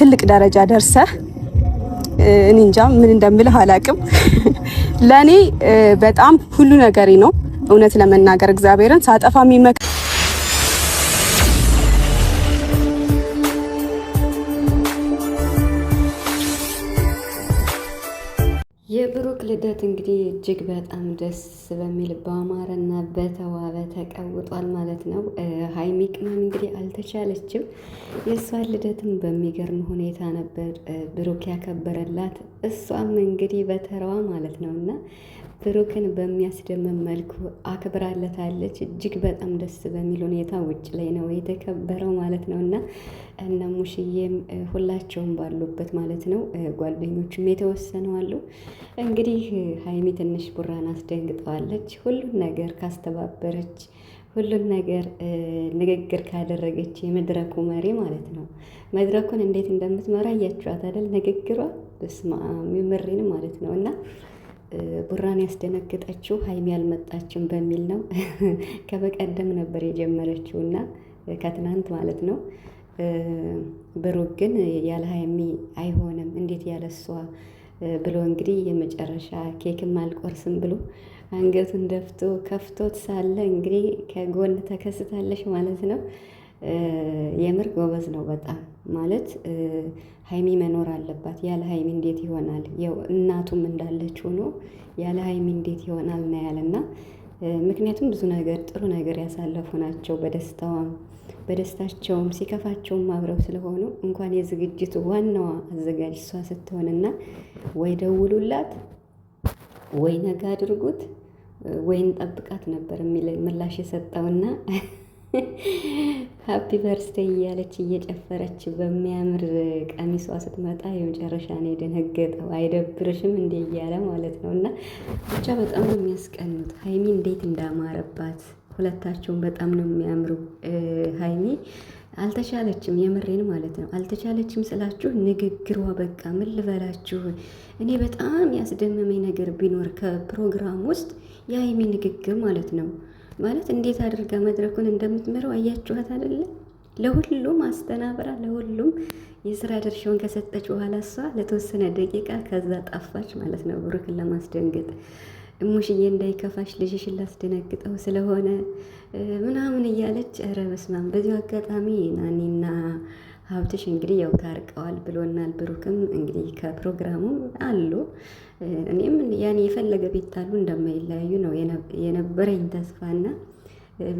ትልቅ ደረጃ ደርሰህ እኔ እንጃ ምን እንደምልህ አላቅም። ለእኔ በጣም ሁሉ ነገሬ ነው እውነት ለመናገር እግዚአብሔርን ሳጠፋ የሚመክ የብሩክ ልደት እንግዲህ እጅግ በጣም ደስ በሚል በአማረና በተዋበ ተቀውጧል ማለት ነው። ሀይሚ ቅመም እንግዲህ አልተቻለችም። የእሷን ልደትም በሚገርም ሁኔታ ነበር ብሩክ ያከበረላት፣ እሷም እንግዲህ በተራዋ ማለት ነው እና ብሩክን በሚያስደምም መልኩ አክብራለታለች። እጅግ በጣም ደስ በሚል ሁኔታ ውጭ ላይ ነው የተከበረው ማለት ነው እና እና ሙሽዬም ሁላቸውም ባሉበት ማለት ነው ጓደኞቹም የተወሰኑ አሉ። እንግዲህ ሀይሚ ትንሽ ቡራን አስደንግጠዋለች። ሁሉን ነገር ካስተባበረች ሁሉን ነገር ንግግር ካደረገች የመድረኩ መሪ ማለት ነው። መድረኩን እንዴት እንደምትመራ እያችኋት አይደል? ንግግሯ በስመ አብ የምሬን ማለት ነው እና ቡራን ያስደነግጠችው ሀይሚ ያልመጣችም በሚል ነው። ከበቀደም ነበር የጀመረችው እና ከትናንት ማለት ነው። ብሩክ ግን ያለ ሀይሚ አይሆንም እንዴት ያለሷ ብሎ እንግዲህ የመጨረሻ ኬክም አልቆርስም ብሎ አንገቱን ደፍቶ ከፍቶት ሳለ እንግዲህ ከጎን ተከስታለች ማለት ነው። የምር ጎበዝ ነው በጣም ማለት ሀይሚ መኖር አለባት። ያለ ሀይሚ እንዴት ይሆናል? እናቱም እንዳለች ሆኖ ያለ ሀይሚ እንዴት ይሆናል ነው ያለና ምክንያቱም ብዙ ነገር ጥሩ ነገር ያሳለፉ ናቸው። በደስታዋም በደስታቸውም ሲከፋቸውም አብረው ስለሆኑ እንኳን የዝግጅቱ ዋናዋ አዘጋጅ እሷ ስትሆንና ወይ ደውሉላት ወይ ነገ አድርጉት ወይን ጠብቃት ነበር የሚል ምላሽ የሰጠውና ሀፒ በርዝደይ እያለች እየጨፈረች በሚያምር ቀሚሷ ስትመጣ የመጨረሻ ነው የደነገጠው። አይደብርሽም እንዴ እያለ ማለት ነው። እና ብቻ በጣም ነው የሚያስቀኑት። ሀይሚ እንዴት እንዳማረባት ሁለታቸውን በጣም ነው የሚያምሩ። ሀይሚ አልተቻለችም፣ የምሬን ማለት ነው። አልተቻለችም ስላችሁ ንግግሯ በቃ ምን ልበላችሁ፣ እኔ በጣም ያስደመመኝ ነገር ቢኖር ከፕሮግራም ውስጥ የሀይሚ ንግግር ማለት ነው። ማለት እንዴት አድርጋ መድረኩን እንደምትመረው አያችኋት አይደለ? ለሁሉም አስተናብራ ለሁሉም የስራ ድርሻውን ከሰጠች በኋላ እሷ ለተወሰነ ደቂቃ ከዛ ጠፋች ማለት ነው፣ ብሩክን ለማስደንገጥ እሙሽዬ እንዳይከፋሽ ልጅሽን ላስደነግጠው ስለሆነ ምናምን እያለች ኧረ በስመ አብ። በዚሁ አጋጣሚ ናኒና ሀብትሽ እንግዲህ ያው ታርቀዋል ብሎናል። ብሩክም እንግዲህ ከፕሮግራሙ አሉ። እኔም ያኔ የፈለገ ቤት አሉ እንደማይለያዩ ነው የነበረኝ ተስፋና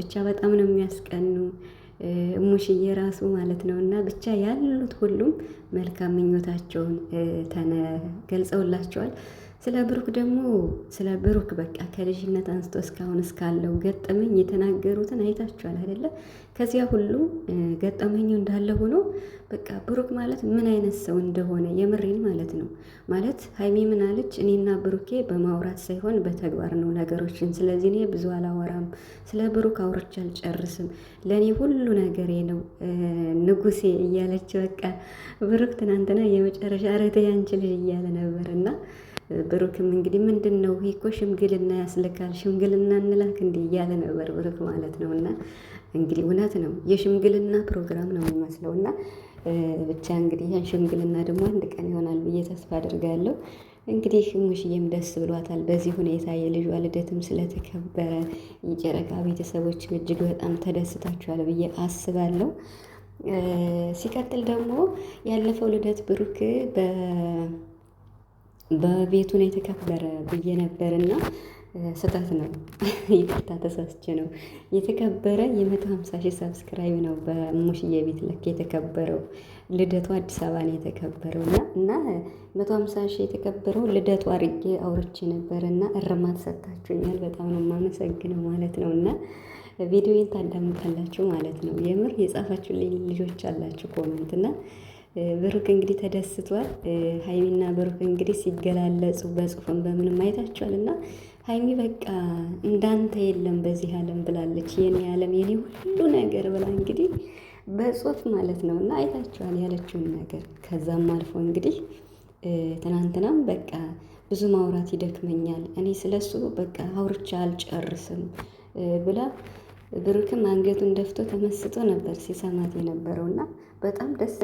ብቻ በጣም ነው የሚያስቀኑ ሙሽዬ ራሱ ማለት ነው እና ብቻ ያሉት ሁሉም መልካም ምኞታቸውን ተነ ገልጸውላቸዋል። ስለ ብሩክ ደግሞ ስለ ብሩክ በቃ ከልጅነት አንስቶ እስካሁን እስካለው ገጠመኝ የተናገሩትን አይታችኋል አይደለ? ከዚያ ሁሉ ገጠመኙ እንዳለ ሆኖ በቃ ብሩክ ማለት ምን አይነት ሰው እንደሆነ የምሬን ማለት ነው። ማለት ሀይሜ ምን አለች? እኔና ብሩኬ በማውራት ሳይሆን በተግባር ነው ነገሮችን። ስለዚህ እኔ ብዙ አላወራም፣ ስለ ብሩክ አውርቼ አልጨርስም፣ ለእኔ ሁሉ ነገሬ ነው ንጉሴ እያለች በቃ ብሩክ ትናንትና የመጨረሻ ረተ ያንቺ እያለ ነበር እና ብሩክም እንግዲህ ምንድን ነው ይሄ እኮ ሽምግልና ያስልካል፣ ሽምግልና እንላክ እንዲህ እያለ ነበር ብሩክ ማለት ነው። እና እንግዲህ እውነት ነው የሽምግልና ፕሮግራም ነው የሚመስለው። እና ብቻ እንግዲህ ያን ሽምግልና ደግሞ አንድ ቀን ይሆናል ብዬ ተስፋ አድርጋለሁ። እንግዲህ ሙሽዬም ደስ ብሏታል በዚህ ሁኔታ። የልጇ ልደትም ስለተከበረ የጨረቃ ቤተሰቦችም እጅግ በጣም ተደስታችኋል ብዬ አስባለሁ። ሲቀጥል ደግሞ ያለፈው ልደት ብሩክ በ በቤቱን የተከበረ ብዬ ነበር ነበርና ስህተት ነው። ይቅርታ ተሳስቼ ነው። የተከበረ የመቶ ሀምሳ ሺህ ሰብስክራይብ ነው በሙሽዬ ቤት ልክ የተከበረው ልደቱ አዲስ አበባ ነው የተከበረው እና መቶ ሀምሳ ሺህ የተከበረው ልደቱ አድርጌ አውርቼ ነበር እና እርማት ሰጥታችሁኛል። በጣም ነው የማመሰግነው ማለት ነው እና ቪዲዮን ታዳምጣላችሁ ማለት ነው። የምር የጻፋችሁ ልጆች አላችሁ ኮመንት እና ብሩክ እንግዲህ ተደስቷል። ሀይሚና ብሩክ እንግዲህ ሲገላለጹ በጽሁፍም በምንም ማየታቸዋል እና ሀይሚ በቃ እንዳንተ የለም በዚህ ዓለም ብላለች። የኔ ዓለም የኔ ሁሉ ነገር ብላ እንግዲህ በጽሁፍ ማለት ነው እና አይታቸዋል ያለችውን ነገር። ከዛም አልፎ እንግዲህ ትናንትናም በቃ ብዙ ማውራት ይደክመኛል፣ እኔ ስለሱ በቃ አውርቻ አልጨርስም ብላ ብሩክም አንገቱን ደፍቶ ተመስጦ ነበር ሲሰማት የነበረው እና በጣም ደስ